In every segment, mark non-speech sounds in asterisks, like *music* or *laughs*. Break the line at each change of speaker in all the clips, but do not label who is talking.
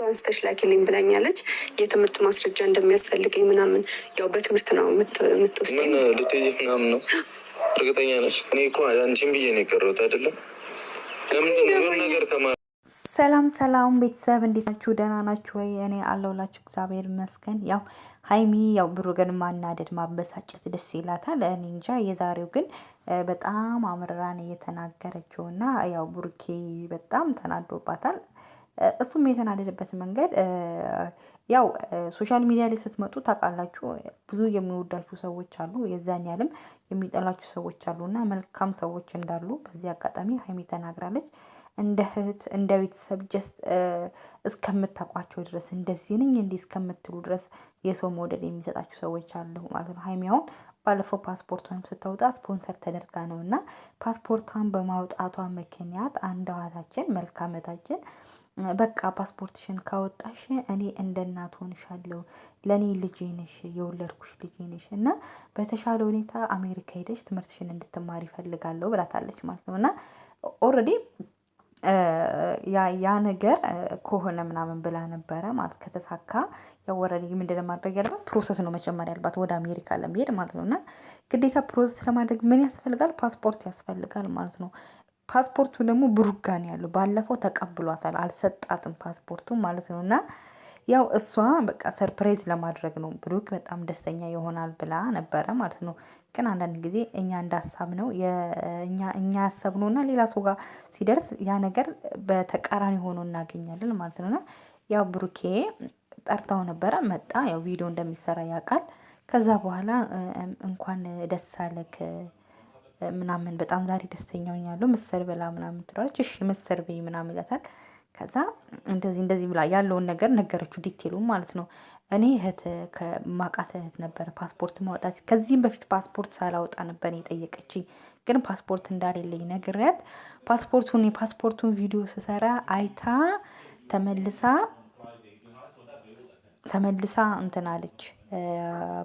ፎቶ አንስተሽ ላኪልኝ ብላኛለች። የትምህርት ማስረጃ እንደሚያስፈልገኝ ምናምን ያው በትምህርት ነው የምትወስደኝ ልትሄጂ ምናምን ነው። እርግጠኛ ነች? እኔ እኮ አንቺን ብዬ ነው የቀረሁት አይደለም። ለምንድን ነገር ከማ ሰላም ሰላም ቤተሰብ እንዴት ናችሁ? ደህና ናችሁ ወይ? እኔ አለሁላችሁ እግዚአብሔር ይመስገን። ያው ሀይሚ ያው ብሩክን ማናደድ ማበሳጨት ደስ ይላታል። እኔ እንጃ የዛሬው ግን በጣም አምራን እየተናገረችው እና ያው ብሩኬ በጣም ተናዶባታል። እሱም የተናደደበት መንገድ ያው ሶሻል ሚዲያ ላይ ስትመጡ ታውቃላችሁ፣ ብዙ የሚወዳችሁ ሰዎች አሉ፣ የዛን ያህልም የሚጠላችሁ ሰዎች አሉ እና መልካም ሰዎች እንዳሉ በዚህ አጋጣሚ ሀይሚ ተናግራለች። እንደ እህት እንደ ቤተሰብ ጀስት እስከምታውቋቸው ድረስ እንደዚህ ነኝ እንዲህ እስከምትሉ ድረስ የሰው መውደድ የሚሰጣችሁ ሰዎች አሉ ማለት ነው። ሀይሚ አሁን ባለፈው ፓስፖርቷን ስታወጣ ስፖንሰር ተደርጋ ነው እና ፓስፖርቷን በማውጣቷ ምክንያት አንድ እህታችን መልካም እህታችን በቃ ፓስፖርትሽን ካወጣሽ እኔ እንደ እናት ሆንሻለሁ። ለእኔ ልጄ ነሽ፣ የወለድኩሽ ልጄ ነሽ እና በተሻለ ሁኔታ አሜሪካ ሄደሽ ትምህርትሽን እንድትማር ይፈልጋለሁ ብላታለች ማለት ነው። እና ኦልሬዲ ያ ነገር ከሆነ ምናምን ብላ ነበረ ማለት ከተሳካ ያወረድ ምንድን ማድረግ ያለባት ፕሮሰስ ነው መጀመሪያ ያለባት ወደ አሜሪካ ለመሄድ ማለት ነው። እና ግዴታ ፕሮሰስ ለማድረግ ምን ያስፈልጋል? ፓስፖርት ያስፈልጋል ማለት ነው። ፓስፖርቱ ደግሞ ብሩጋን ጋ ያለው። ባለፈው ተቀብሏታል፣ አልሰጣትም ፓስፖርቱ ማለት ነው። እና ያው እሷ በቃ ሰርፕራይዝ ለማድረግ ነው ብሩክ በጣም ደስተኛ ይሆናል ብላ ነበረ ማለት ነው። ግን አንዳንድ ጊዜ እኛ እንዳሳብነው እኛ ነው እና ሌላ ሰው ጋር ሲደርስ ያ ነገር በተቃራኒ ሆኖ እናገኛለን ማለት ነው። እና ያው ብሩኬ ጠርታው ነበረ፣ መጣ። ያው ቪዲዮ እንደሚሰራ ያውቃል። ከዛ በኋላ እንኳን ደስ ምናምን በጣም ዛሬ ደስተኛ ሆኛለሁ ምስር ብላ ምናምን ትለዋለች። እሺ ምስር ብይ ምናምን ይላታል። ከዛ እንደዚህ እንደዚህ ብላ ያለውን ነገር ነገረችው፣ ዲቴሉ ማለት ነው። እኔ እህት ከማቃት እህት ነበረ ፓስፖርት ማውጣት። ከዚህም በፊት ፓስፖርት ሳላውጣ ነበር የጠየቀችኝ፣ ግን ፓስፖርት እንዳሌለኝ ነግሬያት ፓስፖርቱን የፓስፖርቱን ቪዲዮ ስሰራ አይታ ተመልሳ ተመልሳ እንትን አለች።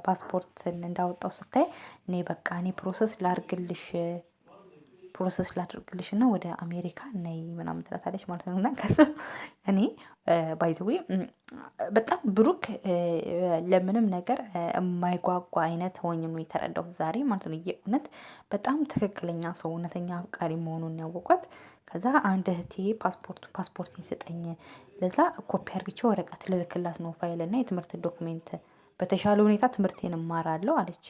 ፓስፖርት እንዳወጣው ስታይ እኔ በቃ እኔ ፕሮሰስ ላርግልሽ ፕሮሰስ ላድርግልሽ እና ወደ አሜሪካ ነይ ምናምን ትላታለች ማለት ነው። እና እኔ ባይዘዌ በጣም ብሩክ ለምንም ነገር የማይጓጓ አይነት ሆኜ ነው የተረዳሁት ዛሬ ማለት ነው። የእውነት በጣም ትክክለኛ ሰው እውነተኛ አፍቃሪ መሆኑን ያወቋት ከዛ አንድ እህቴ ፓስፖርቱ ፓስፖርት ይሰጠኝ ለዛ ኮፒ አርግቼ ወረቀት ልልክላት ነው ፋይል ፋይልና የትምህርት ዶክሜንት በተሻለ ሁኔታ ትምህርቴን እማራለሁ አለች።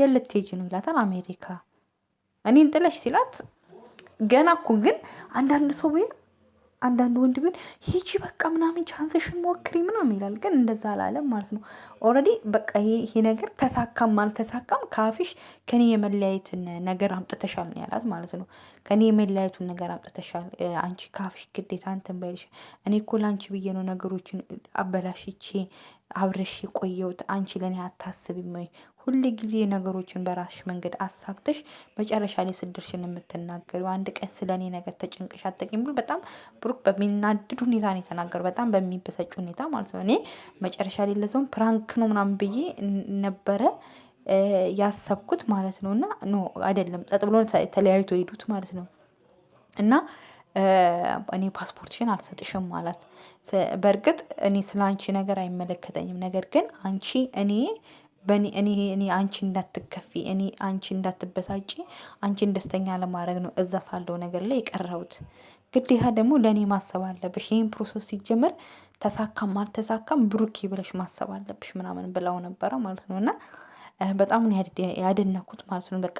የት ነው ይላታል። አሜሪካ እኔን ጥለሽ ሲላት ገና እኮ ግን አንዳንድ ሰው ወይም አንዳንድ ወንድ ብን ሂጂ በቃ ምናምን ቻንስሽን ሞክሪ ምናምን ይላል። ግን እንደዛ አላለም ማለት ነው። ኦልሬዲ በቃ ይሄ ነገር ተሳካም አልተሳካም ካፍሽ ከኔ የመለያየትን ነገር አምጥተሻል ነው ያላት ማለት ነው። ከኔ የመለያየቱን ነገር አምጥተሻል አንቺ ካፍሽ ግዴታ እንትን ባይልሽ፣ እኔ እኮ ለአንቺ ብዬ ነው ነገሮችን አበላሽቼ አብረሽ የቆየሁት አንቺ ለእኔ አታስቢም ወይ ሁል ጊዜ ነገሮችን በራስሽ መንገድ አሳክተሽ መጨረሻ ላይ ስድርሽን የምትናገሪው አንድ ቀን ስለ እኔ ነገር ተጨንቀሽ አጠቂም ብሎ በጣም ብሩክ በሚናድድ ሁኔታ ነው የተናገሩ። በጣም በሚበሰጭ ሁኔታ ማለት ነው። እኔ መጨረሻ ላይ ለሰውን ፕራንክ ነው ምናምን ብዬ ነበረ ያሰብኩት ማለት ነው። እና ኖ አይደለም፣ ጸጥ ብሎ ተለያይቶ ሄዱት ማለት ነው እና እኔ ፓስፖርትሽን አልሰጥሽም ማለት በእርግጥ እኔ ስለ አንቺ ነገር አይመለከተኝም። ነገር ግን አንቺ እኔ እኔ እኔ አንቺ እንዳትከፊ እኔ አንቺ እንዳትበሳጪ አንቺን ደስተኛ ለማድረግ ነው እዛ ሳለው ነገር ላይ የቀረሁት። ግዴታ ደግሞ ለእኔ ማሰብ አለብሽ። ይህን ፕሮሰስ ሲጀመር ተሳካም አልተሳካም ብሩኬ ብለሽ ማሰብ አለብሽ ምናምን ብላው ነበረ ማለት ነው እና በጣም ያደነኩት ማለት ነው። በቃ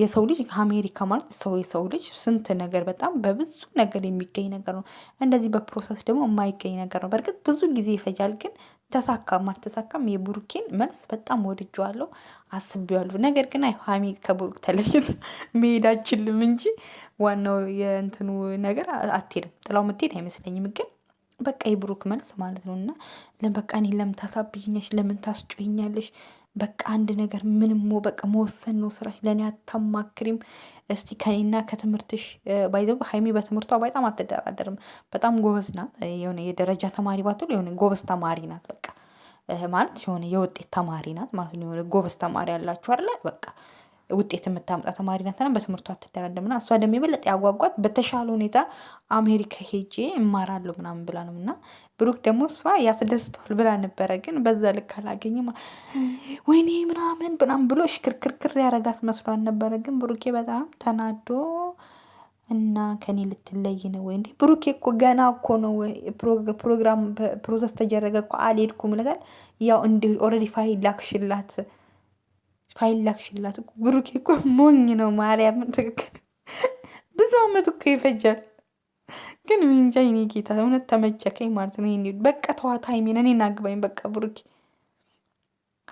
የሰው ልጅ አሜሪካ ማለት ሰው የሰው ልጅ ስንት ነገር በጣም በብዙ ነገር የሚገኝ ነገር ነው። እንደዚህ በፕሮሰስ ደግሞ የማይገኝ ነገር ነው። በእርግጥ ብዙ ጊዜ ይፈጃል ግን ተሳካም አልተሳካም የብሩኬን መልስ በጣም ወድጀዋለሁ፣ አስቤዋለሁ። ነገር ግን አይ ሀሚ ከብሩክ ተለይት *laughs* መሄድ አችልም እንጂ ዋናው የእንትኑ ነገር አትሄድም፣ ጥላው ምትሄድ አይመስለኝም። ግን በቃ የብሩክ መልስ ማለት ነው እና በቃ እኔ ለምን ታሳብኛለሽ? ለምን ታስጮኛለሽ? በቃ አንድ ነገር ምንም በቃ መወሰን ነው ስራሽ። ለእኔ አታማክሪም። እስቲ ከኔና ከትምህርትሽ ባይዘ ሀይሚ በትምህርቷ በጣም አትደራደርም። በጣም ጎበዝ ናት። የሆነ የደረጃ ተማሪ ባትል የሆነ ጎበዝ ተማሪ ናት። በቃ ማለት የሆነ የውጤት ተማሪ ናት ማለት የሆነ ጎበዝ ተማሪ ያላችሁ አለ በቃ ውጤት የምታምጣ ተማሪ ናትና በትምህርቷ አትደራደም እሷ ደግሞ የበለጠ ያጓጓት በተሻለ ሁኔታ አሜሪካ ሄጄ እማራለሁ ምናምን ብላ ነው እና ብሩክ ደግሞ እሷ ያስደስተዋል ብላ ነበረ፣ ግን በዛ ልክ አላገኝም ወይኔ ምናምን ብናም ብሎ ሽክርክርክር ያረጋት መስሏል ነበረ። ግን ብሩኬ በጣም ተናዶ እና ከኔ ልትለይ ነው ወይ እንዴ? ብሩኬ እኮ ገና እኮ ነው ፕሮግራም ፕሮሰስ ተጀረገ እኮ አልሄድኩም ይለታል። ያው እንዲሁ ኦልሬዲ ፋይል ላክሽላት ፋይላክሽላት ብሩኬ እኮ ሞኝ ነው። ማርያም ትክክል ብዙ አመት እኮ ይፈጃል። ግን ሚንጃ ይኔ ጌታ እውነት ተመቸከኝ ማለት ነው። ይሄ በቃ ተዋት ሀይሚን፣ እኔን አግባኝ በቃ ብሩኬ።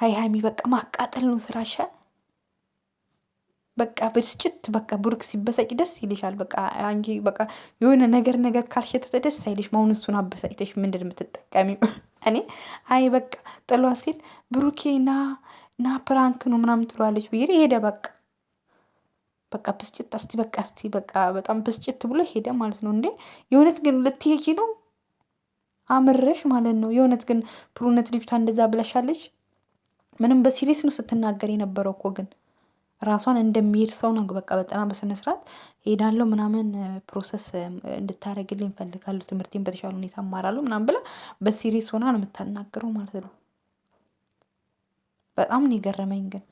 ሀይ ሀይሚ በቃ ማቃጠል ነው ስራሻ። በቃ ብስጭት በቃ ብሩክ ሲበሳጭ ደስ ይልሻል። በቃ አንቺ በቃ የሆነ ነገር ነገር ካልሸተተ ደስ አይልሽ። ማሁን እሱን አበሳጭተሽ ምንድን የምትጠቀሚው? እኔ አይ በቃ ጥሏ ሲል ብሩኬ ና ና ፕራንክ ነው ምናምን ትለዋለች ብዬ ሄደ። በቃ በቃ ብስጭት እስቲ በቃ እስቲ በቃ በጣም ብስጭት ብሎ ሄደ ማለት ነው። እንዴ የእውነት ግን ልትሄጂ ነው አምረሽ ማለት ነው። የእውነት ግን ፕሩነት ልጅቷ እንደዛ ብለሻለች። ምንም በሲሪየስ ነው ስትናገር የነበረው እኮ ግን ራሷን እንደሚሄድ ሰው ነው። በቃ በጠና በስነ ስርዓት ሄዳለው ምናምን ፕሮሰስ እንድታደረግልኝ ፈልጋሉ ትምህርቴን በተሻለ ሁኔታ እማራለሁ ምናምን ብላ በሲሪየስ ሆና ነው የምታናገረው ማለት ነው። በጣም ነው የገረመኝ ግን